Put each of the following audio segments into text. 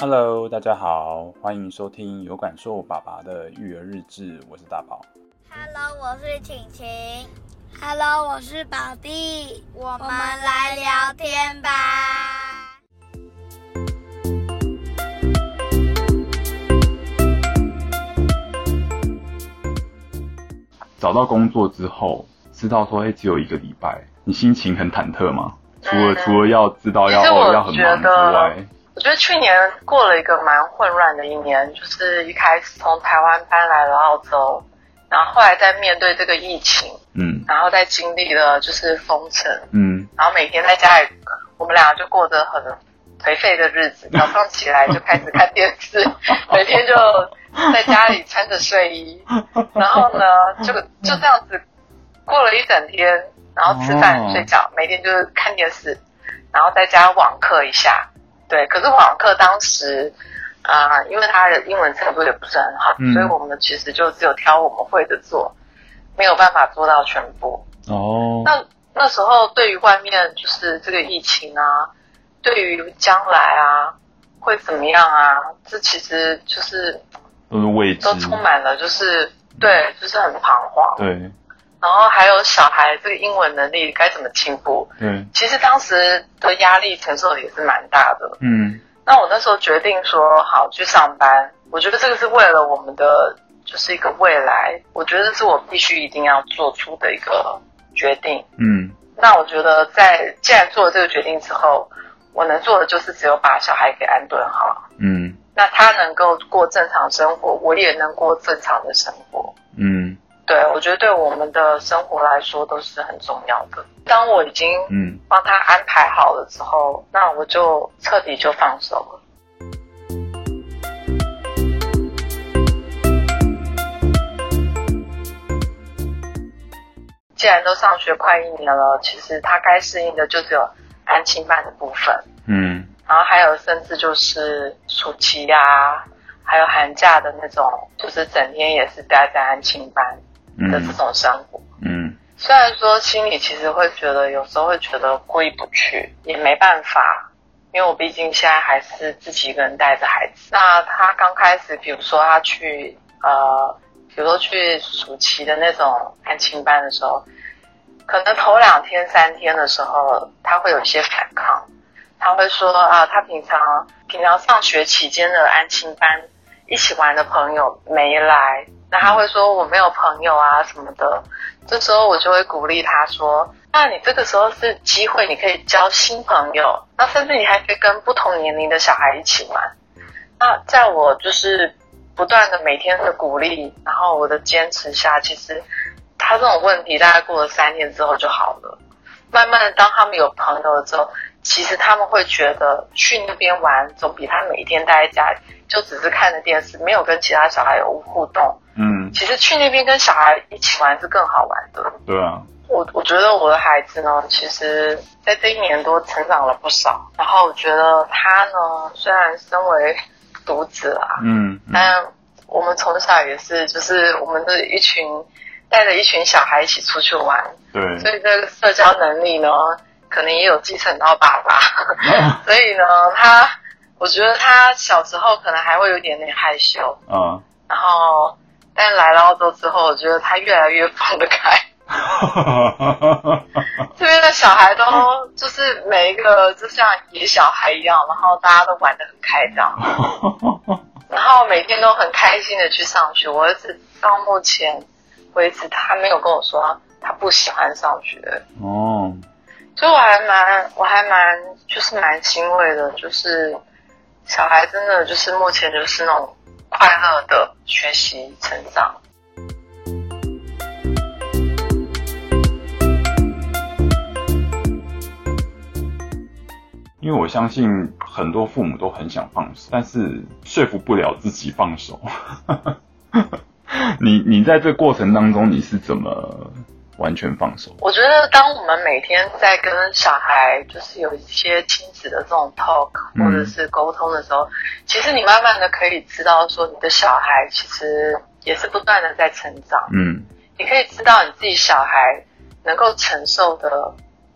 Hello，大家好，歡迎收聽有感授把拔的育兒日誌，我是大寶。Hello，我是晴晴。Hello，我是寶弟，我們來聊天吧。找到工作之後，知道說哎，只有一個禮拜，你心情很忐忑嗎？除了除了要知道，嗯、要其實我覺得要很忙之外，我覺得去年過了一個蠻混亂的一年，就是一開始從台灣搬來了澳洲，然後後來在面對這個疫情，嗯，然後再經歷了就是封城，嗯，然後每天在家裡，我們倆就過着很頹廢的日子，早上起來就開始看電視， 每天就在家裡穿着睡衣，然後呢，就就這樣子過了一整天。然後吃飯、睡覺，oh. 每天就是看電視，然後在家網課一下。對，可是網課當時，啊、呃，因為他的英文程度也不是很好，嗯，所以我們其實就只有挑我們會的做，沒有辦法做到全部。哦、oh.。那那時候對於外面就是這個疫情啊，對於將來啊，會怎麼樣啊？這其實就是都是未知，都充滿了就是對，就是很彷徨。對。然後還有小孩這個英文能力該怎麼進步？嗯，其實當時的壓力承受也是蠻大的。嗯，那我那時候決定說，好去上班，我覺得這個是為了我們的就是一個未來，我覺得是我必須一定要做出的一個決定。嗯，那我覺得在既然做了這個決定之後，我能做的就是只有把小孩給安頓好。嗯，那他能夠過正常生活，我也能過正常的生活。嗯。對，我覺得對我們的生活來說都是很重要的。當我已經嗯幫他安排好了之後，嗯，那我就徹底就放手了，嗯。既然都上學快一年了，其實他該適應的就是有安親班的部分，嗯，然後還有甚至就是暑期呀，啊，還有寒假的那種，就是整天也是待在安親班。嗯、的這種生活，嗯，雖然說心裡其實會覺得，有時候會覺得過意不去，也沒辦法，因為我畢竟現在還是自己一個人帶着孩子。那他剛開始，比如說他去呃，比如說去暑期的那種安親班的時候，可能頭兩天、三天的時候，他會有一些反抗，他會說啊、呃，他平常平常上學期間的安親班，一起玩的朋友沒來。那他會說我沒有朋友啊什麼的，這時候我就會鼓勵他說，那你這個時候是機會，你可以交新朋友，那甚至你還可以跟不同年齡的小孩一起玩。那在我就是不斷的每天的鼓勵，然後我的堅持下，其實他這種問題大概過了三天之後就好了。慢慢的，當他們有朋友了之後。其實他們會覺得去那邊玩總比他每一天待在家裡，就只是看着電視，沒有跟其他小孩有互動。嗯，其實去那邊跟小孩一起玩是更好玩的。對啊，我我覺得我的孩子呢，其實在這一年多成長了不少。然後我覺得他呢，雖然身為獨子啊，嗯，嗯，但我們從小也是就是我們的一群帶着一群小孩一起出去玩，對，所以這個社交能力呢。可能也有繼承到爸爸、嗯，所以呢，他我覺得他小時候可能還會有點點害羞，嗯，然後但來了澳洲之後，我覺得他越來越放得開， 這邊的小孩都就是每一個 就像野小孩一樣，然後大家都玩得很開張， 然後每天都很開心的去上學。我兒子到目前為止，他沒有跟我說他不喜歡上學，哦、嗯。所以我還蠻，我還蠻，就是蠻欣慰的，就是小孩真的就是目前就是那種快樂的學習成長。因為我相信很多父母都很想放手，但是說服不了自己放手。 你你在這過程當中你是怎麼？完全放手。我覺得，當我們每天在跟小孩就是有一些親子的這種 talk，或者是溝通的時候，嗯，其實你慢慢的可以知道說，你的小孩其實也是不斷的在成長。嗯，你可以知道你自己小孩能夠承受的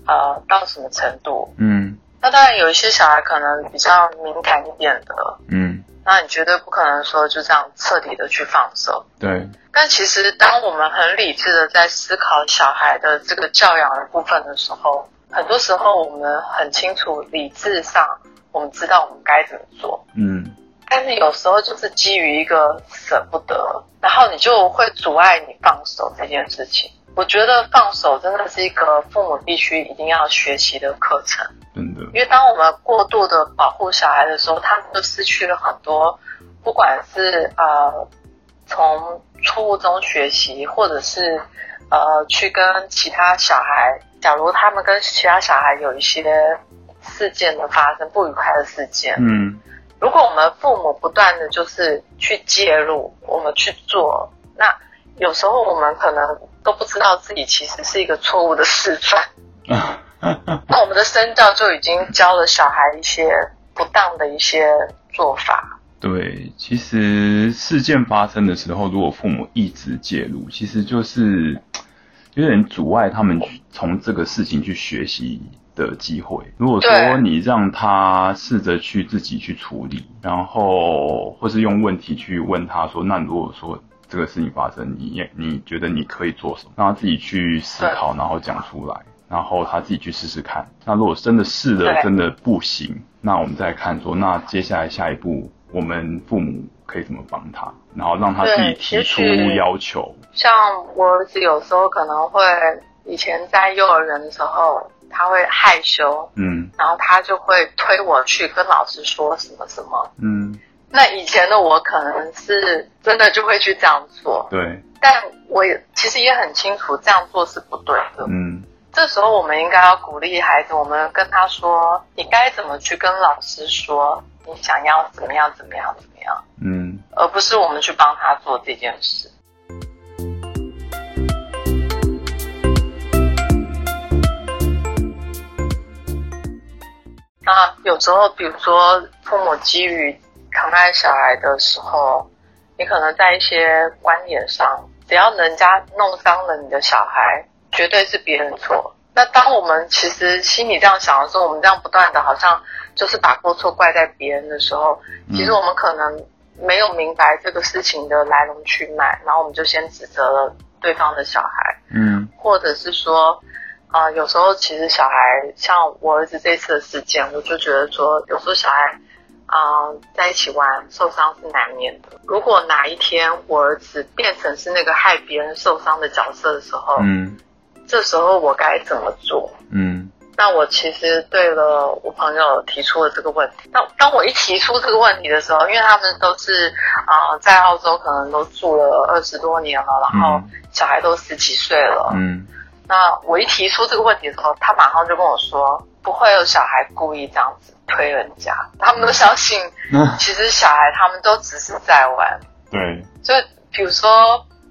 呃到什麼程度。嗯，那當然有一些小孩可能比較敏感一點的。嗯。那你絕對不可能說就這樣徹底的去放手。對。但其實，當我們很理智的在思考小孩的這個教養的部分的時候，很多時候我們很清楚，理智上我們知道我們該怎麼做。嗯。但是有時候就是基於一個捨不得，然後你就會阻礙你放手這件事情。我覺得放手真的是一個父母必須一定要學習的課程。真的，因為當我們過度的保護小孩的時候，他們就失去了很多，不管是啊、呃、從錯誤中學習，或者是呃去跟其他小孩，假如他們跟其他小孩有一些事件的發生，不愉快的事件，嗯，如果我們父母不斷的就是去介入，我們去做，那。有時候我們可能都不知道自己其實是一個錯誤的示範，那 我們的身教就已經教了小孩一些不當的一些做法。對，其實事件發生的時候，如果父母一直介入，其實就是有點阻礙他們去從這個事情去學習的機會。如果說你讓他試着去自己去處理，然後或是用問題去問他說：“那如果說……”這個事情發生，你你覺得你可以做什麼？讓他自己去思考，然後講出來，然後他自己去試試看。那如果真的試了，真的不行，那我們再看說，那接下來下一步，我們父母可以怎麼幫他？然後讓他自己提出要求。像我兒子有時候可能會，以前在幼兒園的時候，他會害羞，嗯，然後他就會推我去跟老師說什麼什麼，嗯。那以前的我可能是真的就會去這樣做，對。但我也其實也很清楚這樣做是不對的。嗯。這時候我們應該要鼓勵孩子，我們跟他說：“你該怎麼去跟老師說，你想要怎麼樣，怎麼樣，怎麼樣？”嗯。而不是我們去幫他做這件事。嗯、啊，有時候比如說父母基於。疼愛小孩的時候，你可能在一些觀點上，只要人家弄傷了你的小孩，絕對是別人錯。那當我們其實心裡這樣想的時候，我們這樣不斷的好像就是把過錯怪在別人的時候，其實我們可能沒有明白這個事情的來龍去脈，然後我們就先指責了對方的小孩。嗯，或者是說，啊、呃，有時候其實小孩，像我兒子這次的事件，我就覺得說，有時候小孩。啊、呃，在一起玩受傷是難免的。如果哪一天我兒子變成是那個害別人受傷的角色的時候，嗯，這時候我該怎麼做？嗯，那我其實對了，我朋友提出了這個問題。那當我一提出這個問題的時候，因為他們都是啊、呃，在澳洲可能都住了二十多年了，然後小孩都十幾歲了，嗯，那我一提出這個問題的時候，他馬上就跟我說不會有小孩故意這樣子。推人家，他們都相信，其實小孩他們都只是在玩。 對，就比如說，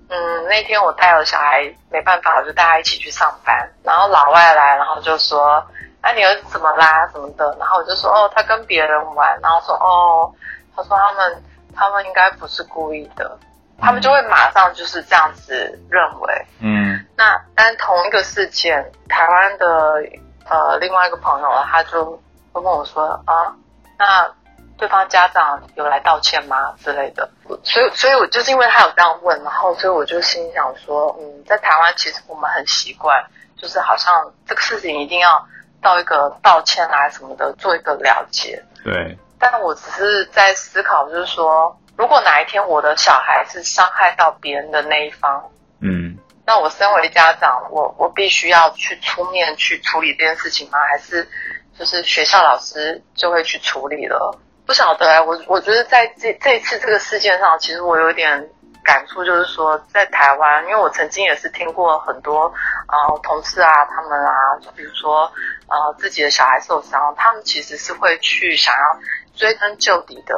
嗯，那天我帶了小孩，沒辦法，我就帶他一起去上班。然後老外來，然後就說：“那、啊、你兒子怎麼啦？什麼的？”然後我就說：“哦，他跟別人玩。”然後說：“哦，他說他們，他們應該不是故意的。”他們就會馬上就是這樣子認為，嗯。那但同一個事件，台灣的呃另外一個朋友，他就。都跟我說啊，那對方家長有來道歉嗎之類的？所以，所以我就是因為他有這樣問，然後所以我就心想說，嗯，在台灣其實我們很習慣，就是好像這個事情一定要到一個道歉啊什麼的，做一個了結。對。但我只是在思考，就是說，如果哪一天我的小孩是傷害到別人的那一方，嗯，那我身為家長，我我必須要去出面去處理這件事情嗎？還是？就是學校老師就會去處理了，不曉得哎，我我覺得在這這一次這個事件上，其實我有點感觸，就是說在台灣，因為我曾經也是聽過很多啊、呃、同事啊他們啊，就比如說啊、呃、自己的小孩受傷，他們其實是會去想要追根究底的，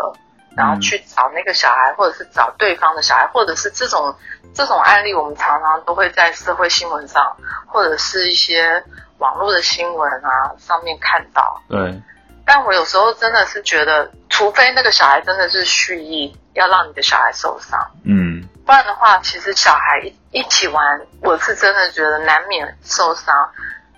然後去找那個小孩，或者是找對方的小孩，或者是這種這種案例，我們常常都會在社會新聞上或者是一些。網絡的新聞啊，上面看到。對。但我有時候真的是覺得，除非那個小孩真的是蓄意要讓你的小孩受傷，嗯，不然的話，其實小孩一一起玩，我是真的覺得難免受傷。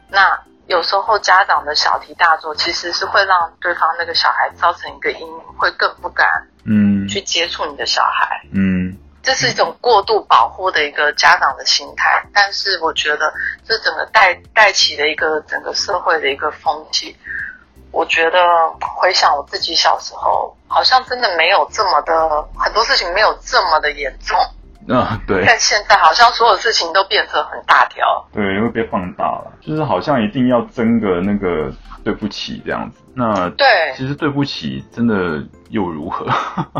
那有時候家長的小題大做，其實是會讓對方那個小孩造成一個陰影，會更不敢，嗯，去接觸你的小孩，嗯。嗯這是一種過度保護的一個家長的心態，但是我覺得這整個帶帶起的一個整個社會的一個風氣。我覺得回想我自己小時候，好像真的沒有這麼的，很多事情沒有這麼的嚴重。那、嗯、對，但現在好像所有事情都變成很大條。對，因為被放大了，就是好像一定要爭個那個對不起這樣子。那對，其實對不起真的又如何？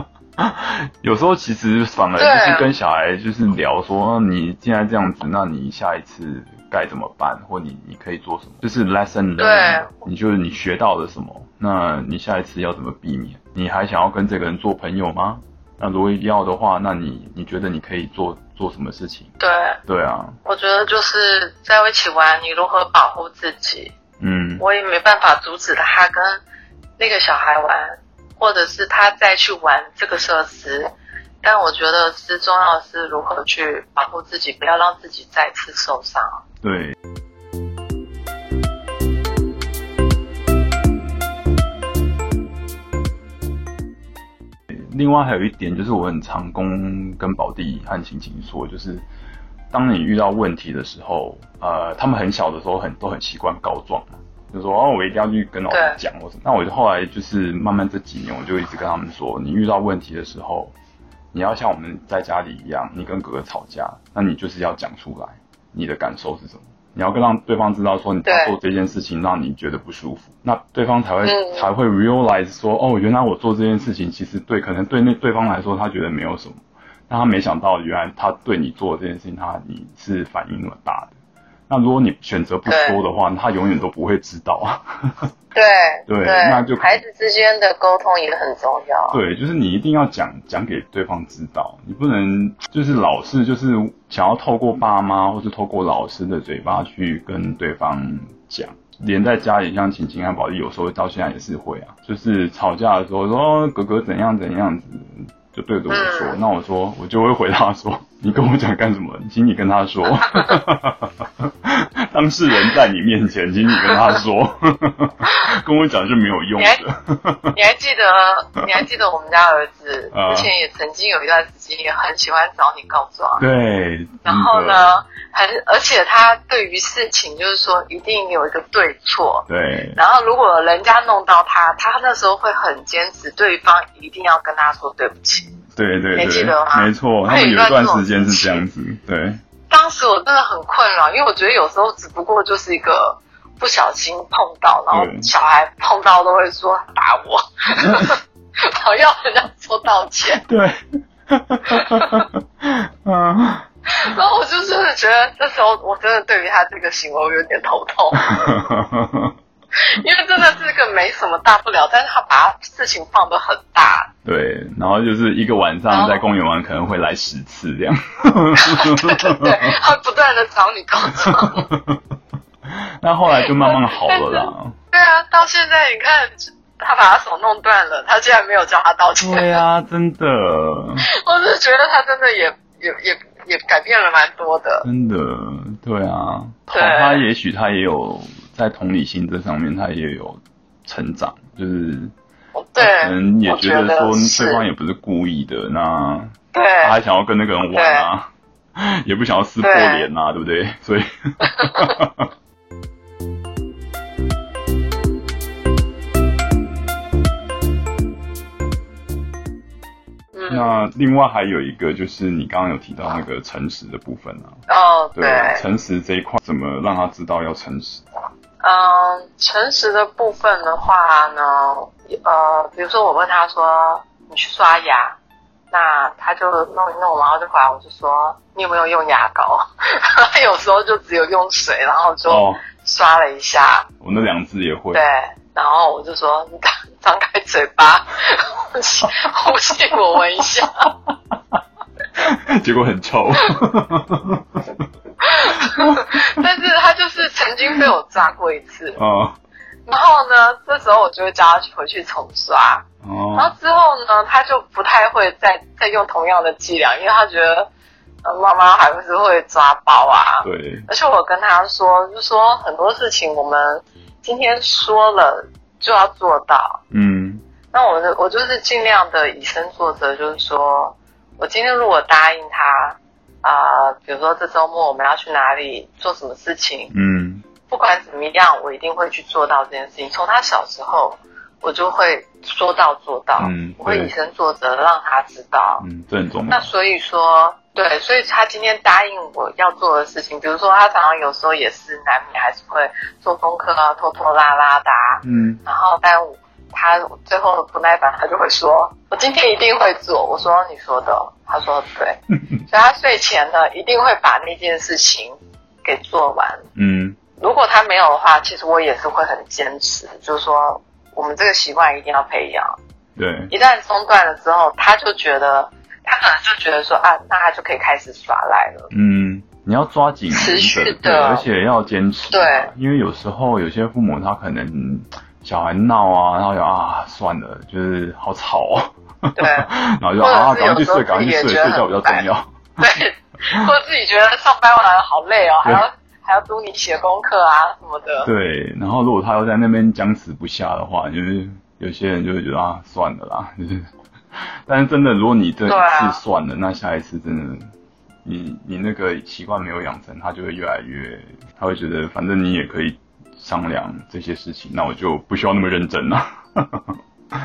有時候其實反而就是跟小孩就是聊說，你既然這樣子，那你下一次該怎麼辦？或你你可以做什麼？就是 lesson learn，你就是你學到了什麼？那你下一次要怎麼避免？你還想要跟這個人做朋友嗎？那如果要的話，那你你覺得你可以做做什麼事情？對，對啊，我覺得就是在一起玩，你如何保護自己？嗯，我也沒辦法阻止他跟那個小孩玩。或者是他再去玩這個設施，但我覺得是重要的是如何去保護自己，不要讓自己再次受傷。對。另外還有一點就是，我很常跟跟寶弟和晴晴說，就是當你遇到問題的時候，呃，他們很小的時候很都很習慣告狀。就說哦，我一定要去跟老師講，我什麼那我就後來就是慢慢這幾年，我就一直跟他們說，你遇到問題的時候，你要像我們在家裡一樣，你跟哥哥吵架，那你就是要講出來，你的感受是什麼？你要跟讓對方知道，說你在做這件事情讓你覺得不舒服，對那對方才會、嗯、才會 realize 說，哦，原來我做這件事情其實對，可能對那對方來說他覺得沒有什麼，但他沒想到原來他對你做的這件事情，他你是反應那麼大的。那如果你選擇不說的話，他永遠都不會知道啊。對 對，對，那就孩子之間的溝通也很重要。對，就是你一定要講講給對方知道，你不能就是老是就是想要透過爸媽或是透過老師的嘴巴去跟對方講。連在家裡，像琴琴和寶麗有時候到現在也是會啊，就是吵架的時候說哥哥怎樣怎樣子，就對着我說、嗯，那我說我就會回他說，你跟我講幹什麼？你請你跟他說。 當事人在你面前，請你跟他說 跟我講就沒有用的你。 你還記得？你還記得我們家兒子之前、呃、也曾經有一段時間也很喜歡找你告狀。對。然後呢，還而且他對於事情就是說一定有一個對錯。對。然後如果人家弄到他，他那時候會很堅持，對方一定要跟他說對不起。對對對，記得沒錯，他們有一段時間是這樣子。對。當時我真的很困擾，因為我覺得有時候只不過就是一個不小心碰到，然後小孩碰到都會說打我，還、嗯、 要人家說道歉。對， 嗯。然後我就真的覺得這時候我真的對於他這個行為我有點頭痛， 因為真的是一個沒什麼大不了，但是他把事情放得很大。對，然後就是一個晚上在公園玩，可能會來十次這樣。哦、 對，對，對，他不斷的找你告通告狀。 那後來就慢慢好了啦。啦。對啊，到現在你看，他把他手弄斷了，他竟然沒有叫他道歉。對啊，真的。我是覺得他真的也也也也改變了蠻多的。真的，對啊。對他也許他也有在同理心這上面他也有成長，就是。可能、嗯、也覺得說對方也不是故意的，那對，他還想要跟那個人玩啊，也不想要撕破臉啊對，對不對？所以、 嗯、那、啊、另外還有一個就是你剛剛有提到那個誠實的部分啊。哦，對，誠實這一塊怎麼讓他知道要誠實？嗯、呃，誠實的部分的話呢？呃，比如說我問他說，你去刷牙，那他就弄一弄完就跑。我就說，你有沒有用牙膏？他 有時候就只有用水，然後就刷了一下。哦、我那兩隻也會。對，然後我就說，你打張開嘴巴，呼吸，呼吸，我聞一下。 結果很臭。 但是他就是曾經被我抓過一次。哦然後呢，這時候我就會叫他回去重刷。哦。然後之後呢，他就不太會再再用同樣的伎倆，因為他覺得，嗯、媽媽還不是會抓包啊。對。而且我跟他說，就是、說很多事情我們今天說了就要做到。嗯。那我我就是儘量的以身作則，就是說我今天如果答應他啊、呃，比如說這周末我們要去哪裡做什麼事情，嗯。不管怎麼樣，我一定會去做到這件事情。從他小時候，我就會說到做到，嗯，我會以身作則，讓他知道，嗯，這很重要。那所以說，對，所以他今天答應我要做的事情，比如說他常常有時候也是難免還是會做功課啊，拖拖拉拉的，嗯，然後，但我，他最後不耐煩，他就會說：“我今天一定會做。”我說：“你說的。”他說：“對。 ”所以，他睡前呢一定會把那件事情給做完，嗯。如果他沒有的話，其實我也是會很堅持，就是說我們這個習慣一定要培養。對。一旦中斷了之後，他就覺得他可能就覺得說啊，那他就可以開始耍賴了。嗯，你要抓緊持續的，而且要堅持。對，因為有時候有些父母他可能小孩鬧啊，然後有啊算了，就是好吵喔。對。 然後就 啊趕緊去睡，趕緊去睡，睡覺比較重要。對，或者自己覺得上班回來好累喔，還要。還要督你寫功課啊什麼的。對，然後如果他又在那邊僵持不下的話，就是有些人就會覺得啊，算了啦。就是，但是真的，如果你這一次算了，啊、那下一次真的，你你那個習慣沒有養成，他就會越來越，他會覺得反正你也可以商量這些事情，那我就不需要那麼認真了。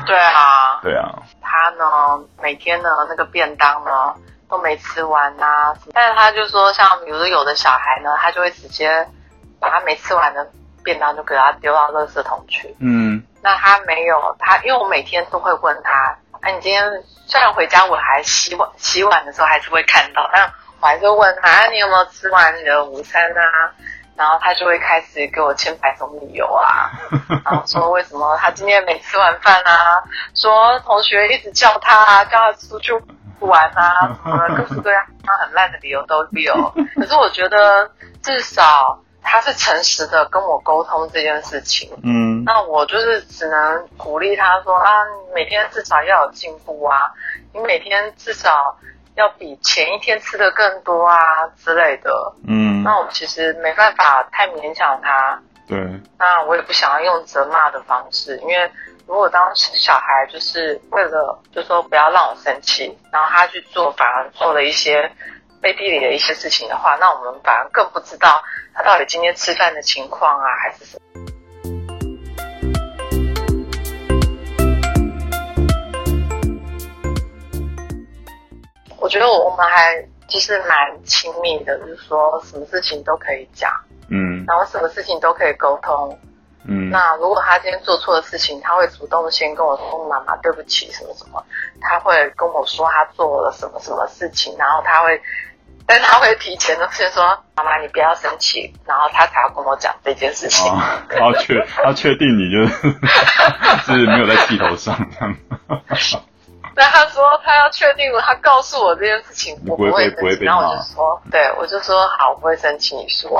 對啊， 對啊。他呢，每天呢那個便當呢？都沒吃完吶、啊，但是他就說，像比如說有的小孩呢，他就會直接把他沒吃完的便當就給他丟到垃圾桶去。嗯，那他沒有他，因為我每天都會問他，哎，你今天雖然回家我還洗碗洗碗的時候還是會看到，但我還是問他，啊、你有沒有吃完你的午餐啊？然後他就會開始給我千百種理由啊，然後說為什麼他今天沒吃完飯啊？說同學一直叫他叫他出去。玩 啊，什麼各式各樣、啊、很爛的理由都有。可是我覺得至少他是誠實的跟我溝通這件事情。嗯，那我就是只能鼓勵他說啊，每天至少要有進步啊，你每天至少要比前一天吃得更多啊之類的。嗯，那我其實沒辦法太勉強他。對。那我也不想要用責罵的方式，因為。如果當時小孩就是為了就是說不要讓我生氣，然後他去做，反而做了一些背地裡的一些事情的話，那我們反而更不知道他到底今天吃飯的情況啊，還是什麼。嗯。我覺得我們還就是蠻親密的，就是說什麼事情都可以講，嗯，然後什麼事情都可以溝通。嗯，那如果他今天做錯了事情，他會主動先跟我說：“媽媽，對不起，什麼什麼。”他會跟我說他做了什麼什麼事情，然後他會，但他會提前都先說：“媽媽，你不要生氣。”然後他才要跟我講這件事情。啊、他要確他確定你就是 是沒有在氣頭上，這樣。那他說他要確定，他告訴我這件事情，我不會被我不會生氣不會被。然後我就說、嗯：“對，我就說好，我不會生氣。”你說。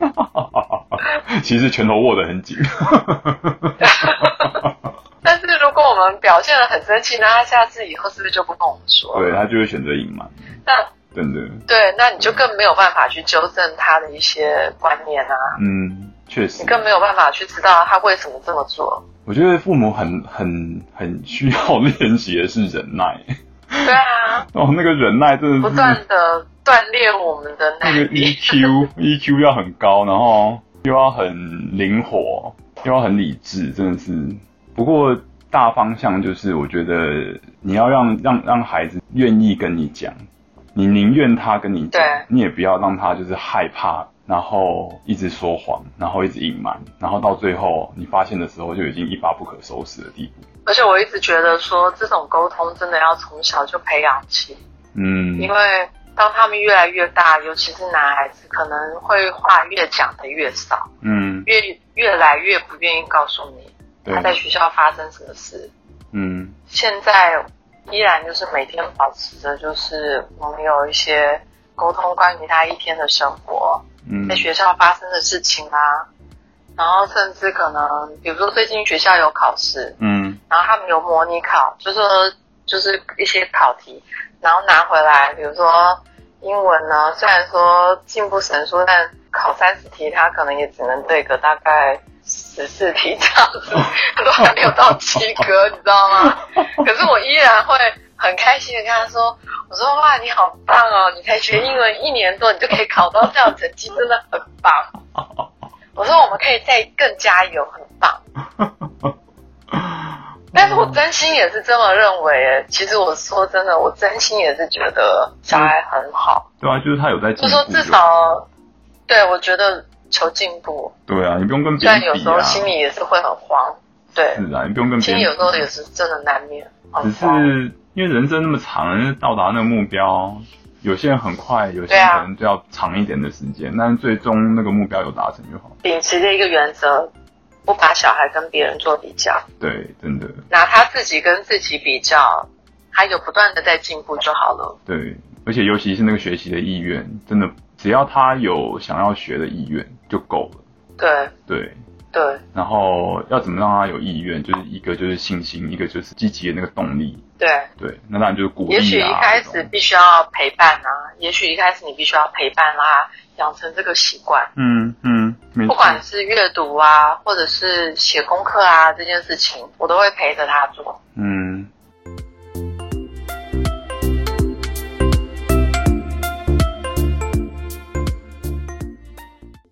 其實拳頭握得很緊， 但是如果我們表現得很生氣，那他下次以後是不是就不跟我們說了？對他就會選擇隱瞞。那對對對，那你就更沒有辦法去糾正他的一些觀念啊。嗯，確實，你更沒有辦法去知道他為什麼這麼做。我覺得父母很很很需要練習的是忍耐。 對啊，哦，那個忍耐就是不斷的鍛煉我們的那個 EQ，EQ EQ 要很高，然後。又要很靈活，又要很理智，真的是。不過大方向就是，我覺得你要讓讓讓孩子願意跟你講，你寧願他跟你講對，你也不要讓他就是害怕，然後一直說謊，然後一直隱瞞，然後到最後你發現的時候，就已經一發不可收拾的地步。而且我一直覺得說，這種溝通真的要從小就培養起，嗯，因為。當他們越來越大，尤其是男孩子，可能會話越講得越少，嗯，越越來越不願意告訴你他在學校發生什麼事，嗯，現在依然就是每天保持着，就是我們有一些溝通，關於他一天的生活，嗯，在學校發生的事情啊，然後甚至可能，比如說最近學校有考試，嗯，然後他們有模擬考，就是說，就是一些考題。然後拿回來，比如說英文呢，雖然說進步神速，但考三十題，他可能也只能對個大概十四題這樣子，他都還沒有到及格，你知道嗎？可是我依然會很開心的跟他說，我說哇，你好棒哦，你才學英文一年多，你就可以考到這樣的成績，真的很棒。我說我們可以再更加油，很棒。但是我真心也是這麼認為。其實我說真的，我真心也是覺得小孩很好。嗯、好對啊，就是他有在進步就好，就說至少，對我覺得求進步。對啊，你不用跟別人比啊。但有時候心裡也是會很慌。對。自然、啊，你不用跟別人。其實有時候也是真的難免好。只是因為人生那麼長，到達那個目標，有些人很快，有些人就要長一點的時間、啊。但最終那個目標有達成就好。秉持著一個原則。不把小孩跟別人做比較，對，真的拿他自己跟自己比較，他有不斷的在進步就好了。對，而且尤其是那個學習的意願，真的，只要他有想要學的意願就夠了。對，對。對，然後要怎麼讓他有意願，就是一個就是信心，一個就是積極的那個動力。對對，那當然就是鼓勵啊。也許一開始必須要陪伴啊，也許一開始你必須要陪伴啦，啊，養成這個習慣。嗯嗯，不管是閱讀啊，或者是寫功課啊這件事情，我都會陪着他做。嗯。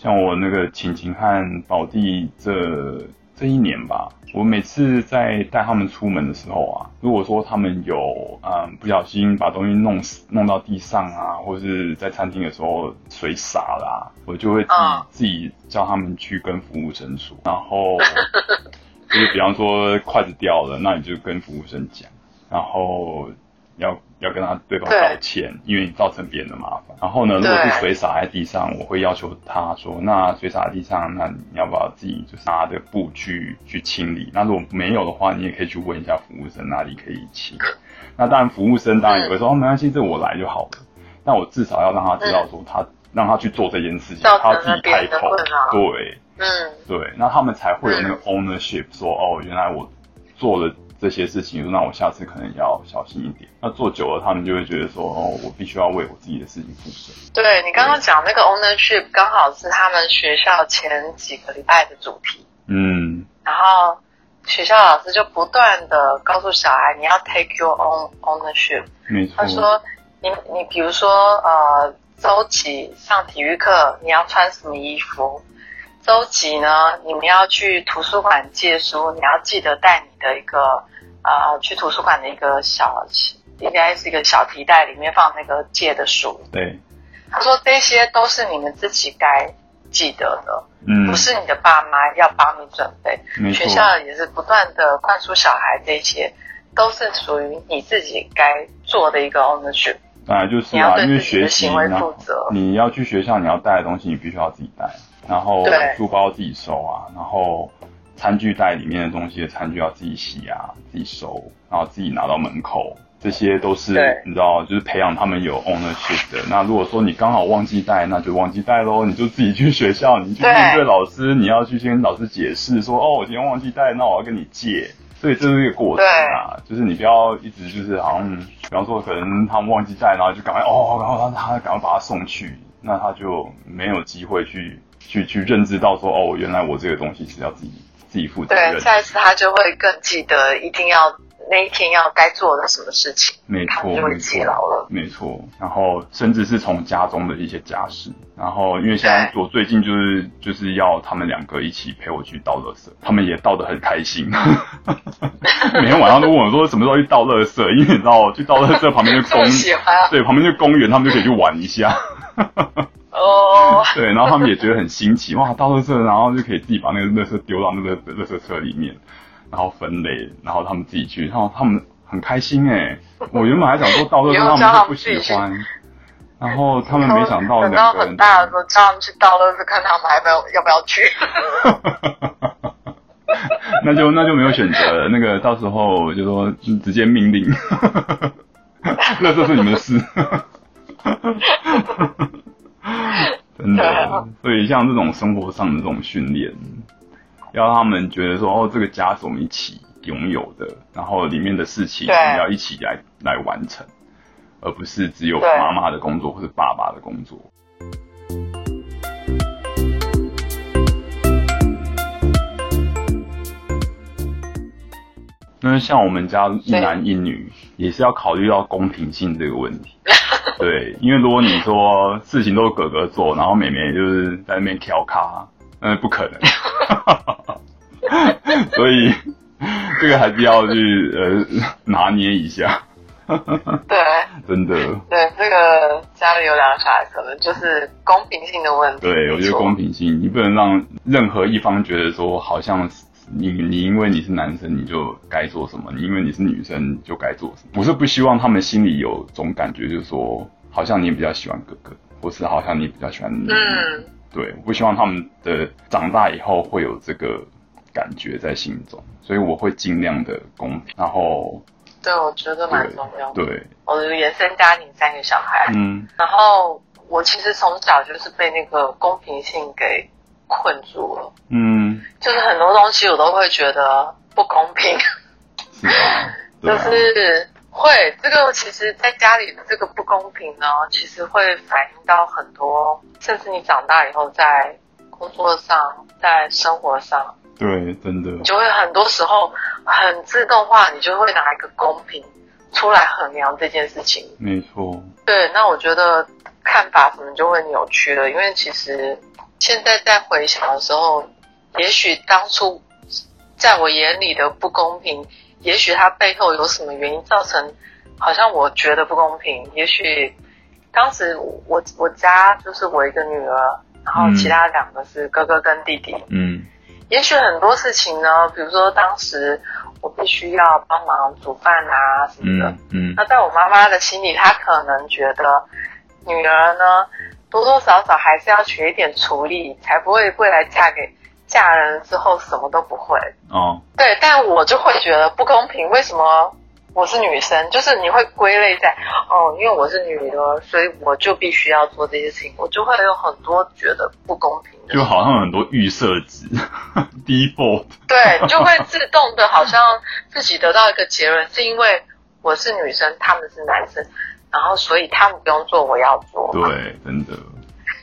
像我那個晴晴和寶弟這這一年吧，我每次在帶他們出門的時候啊，如果說他們有嗯不小心把東西弄弄到地上啊，或是在餐廳的時候水灑了啊，我就會自自己叫他們去跟服務生說，然後就是比方說筷子掉了，那你就跟服務生講，然後。要要跟他對方道歉，因為你造成別人的麻煩。然後呢，如果是水灑在地上，我會要求他說：“那水灑在地上，那你要不要自己就是拿着布去去清理？”那如果沒有的話，你也可以去問一下服務生哪裡可以清。那當然，服務生當然也會說：‘嗯、哦，沒關係，這我來就好了。那我至少要讓他知道說他、嗯，他讓他去做這件事情，他自己開口、嗯。對，嗯，對，那他們才會有那個 ownership、嗯、說哦，原來我做了。這些事情，那我下次可能要小心一點。那做久了，他們就會覺得說，哦，我必須要為我自己的事情負責。對，你剛剛講那個 ownership，剛好是他們學校前幾個禮拜的主題。嗯。然後學校老師就不斷的告訴小孩，你要 take your own ownership。沒錯。他說你，你你比如說，呃，周幾上體育課，你要穿什麼衣服。週幾呢？你們要去圖書館借書，你要記得帶你的一個啊、呃，去圖書館的一個小應該是一個小提袋，裡面放那個借的書。對，他說這些都是你們自己該記得的，嗯，不是你的爸媽要幫你準備。學校也是不斷的灌輸小孩，這些都是屬於你自己該做的一個 ownership 啊，當然就是啊，你要對自己的行為負責，因為學習，你要去學校，你要帶的東西，你必須要自己帶。然後書包自己收啊，然後餐具袋裡面的東西的餐具要自己洗啊，自己收，然後自己拿到門口，這些都是你知道，就是培養他們有 ownership 的。那如果說你剛好忘記帶，那就忘記帶咯，你就自己去學校，你去面對老師，你要去先跟老師解釋說，哦，我今天忘記帶，那我要跟你借。所以這是一個過程啊，就是你不要一直就是好像，比方說可能他們忘記帶，然後就趕快哦，然後他他趕快把他送去，那他就沒有機會去。去去認知到說哦，原來我這個東西是要自己自己負責。對，下一次他就會更記得，一定要那一天要該做的什麼事情。沒錯，沒錯。記牢了，沒錯。然後甚至是從家中的一些家事。然後因為像我最近就是就是要他們兩個一起陪我去倒垃圾，他們也倒得很開心。 每天晚上都問我說什麼時候去倒垃圾，因為你知道去倒垃圾旁邊的公園啊。對，旁邊的公園，他們就可以去玩一下。 哦、oh，對，然後他們也覺得很新奇，哇，倒垃圾，然後就可以自己把那個垃圾丟到那個垃圾車裡面，然後分類，然後他們自己去，然後他們很開心哎。我原本還想說倒垃圾他們不喜歡，然後他們沒想到兩個人。等到很大的時候叫他們去倒垃圾，看他們還要不要，要不要去？ 那就那就沒有選擇，那個到時候就說就直接命令， 垃圾是你們的事。 真的，對啊，所以像這種生活上的這種訓練，要他們覺得說哦，這個家是我們一起擁有的，然後裡面的事情要一起來來完成，而不是只有媽媽的工作或是爸爸的工作。那像我們家一男一女，也是要考慮到公平性這個問題。對，因為如果你說事情都是哥哥做，然後妹妹就是在那邊調侃，那、呃、不可能。 所以這個還是要去呃拿捏一下。 對，真的。對，這個家裡有兩小孩，可能就是公平性的問題。對，我覺得公平性，你不能讓任何一方覺得說好像你你因為你是男生，你就該做什麼？你因為你是女生，就該做什麼？不是不希望他們心裡有種感覺，就是說，好像你比較喜歡哥哥，或是好像你比較喜歡女嗯。對，我不希望他們的長大以後會有這個感覺在心中，所以我會盡量的公平。然後，對，我覺得蠻重要的對。對，我的原生家庭三個小孩，嗯，然後我其實從小就是被那個公平性給，困住了，嗯，就是很多東西我都會覺得不公平，是啊，就是會，這個其實在家裡的這個不公平呢，其實會反映到很多，甚至你長大以後在工作上，在生活上，對，真的，就會很多時候很自動化，你就會拿一個公平出來衡量這件事情，沒錯，對，那我覺得看法可能就會扭曲了，因為其實。現在在回想的時候，也許當初在我眼裡的不公平，也許它背後有什麼原因造成，好像我覺得不公平。也許當時我我家就是我一個女兒，然後其他兩個是哥哥跟弟弟。嗯，也許很多事情呢，比如說當時我必須要幫忙煮飯啊什麼的嗯。嗯，那在我媽媽的心裡，她可能覺得女兒呢。多多少少少還是要取一點廚藝才不會未來嫁給嫁人之後什麼都不會。哦，對，但我就會覺得不公平。為什麼我是女生，就是你會歸類在哦，因為我是女的，所以我就必須要做這些事情，我就會有很多覺得不公平的。就好像很多預設值 default 對，就會自動的，好像自己得到一個結論， 是因為我是女生，他們是男生。然後，所以他們不用做，我要做。對，真的。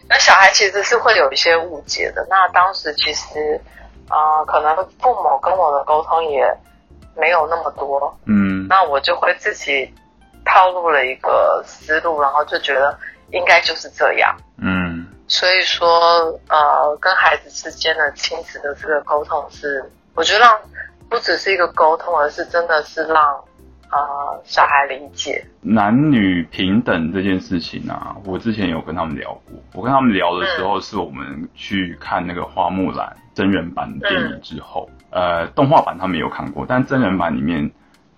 那小孩其實是會有一些誤解的。那當時其實，啊、呃，可能父母跟我的溝通也沒有那麼多。嗯。那我就會自己套路了一個思路，然後就覺得應該就是這樣。嗯。所以說，呃，跟孩子之間的親子的這個溝通是，我覺得讓不只是一個溝通，而是真的是讓。啊、呃，小孩理解男女平等這件事情啊，我之前有跟他們聊過。我跟他們聊的時候，是我們去看那個花木蘭真人版電影之後。嗯、呃，動畫版他們有看過，但真人版裡面，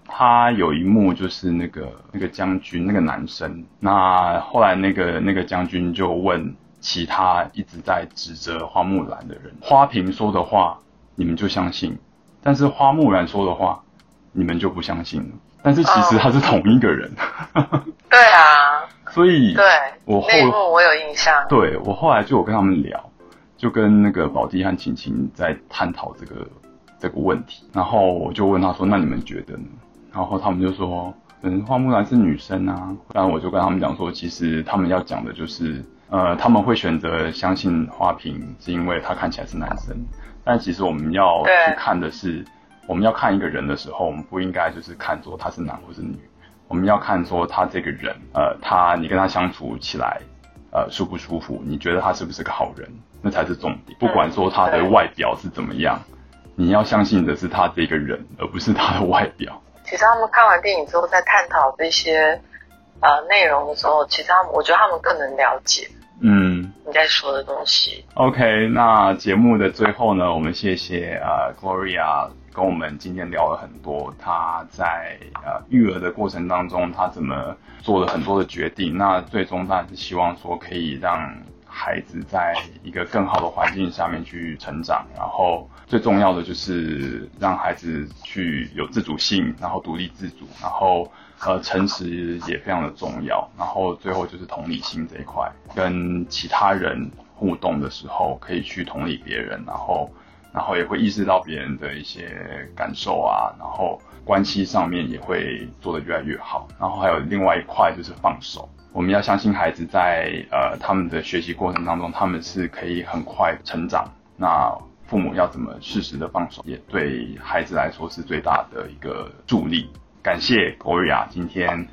他有一幕就是那個那個將軍那個男生。那後來那個那個將軍就問其他一直在指責花木蘭的人：“花瓶說的話你們就相信，但是花木蘭說的話你們就不相信了。”但是其實他是同一個人。oh， 對啊，所以對我後，我有印象，對我後來就有跟他們聊，就跟那個寶弟和琴琴在探討這個這個問題，然後我就問他說：“那你們覺得呢？”然後他們就說：“嗯，花木蘭是女生啊。”然後我就跟他們講說：“其實他們要講的就是，呃，他們會選擇相信花瓶，是因為他看起來是男生，但其實我們要去看的是。”我們要看一個人的時候，我們不應該就是看作他是男或是女，我們要看說他這個人，呃，他，你跟他相處起來，呃，舒不舒服？你覺得他是不是個好人？那才是重點。不管說他的外表是怎麼樣，嗯、你要相信的是他這個人，而不是他的外表。其實他們看完電影之後，在探討這些呃內容的時候，其實他們我覺得他們更能了解嗯，你在說的東西。嗯、OK，那節目的最後呢，我們謝謝啊、呃、Gloria。跟我們今天聊了很多，他在呃育兒的過程當中，他怎麼做了很多的決定。那最終當然是希望說，可以讓孩子在一個更好的環境下面去成長。然後最重要的就是讓孩子去有自主性，然後獨立自主，然後呃誠實也非常的重要。然後最後就是同理心這一塊，跟其他人互動的時候可以去同理別人，然後。然後也會意識到別人的一些感受啊，然後關係上面也會做得越來越好。然後還有另外一塊就是放手，我們要相信孩子在呃他們的學習過程當中，他們是可以很快成長。那父母要怎麼適時的放手，也對孩子來說是最大的一個助力。感謝 Gloria 今天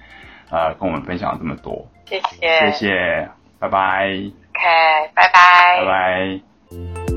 呃跟我們分享了這麼多，謝謝謝謝，拜拜，OK，拜拜，拜拜。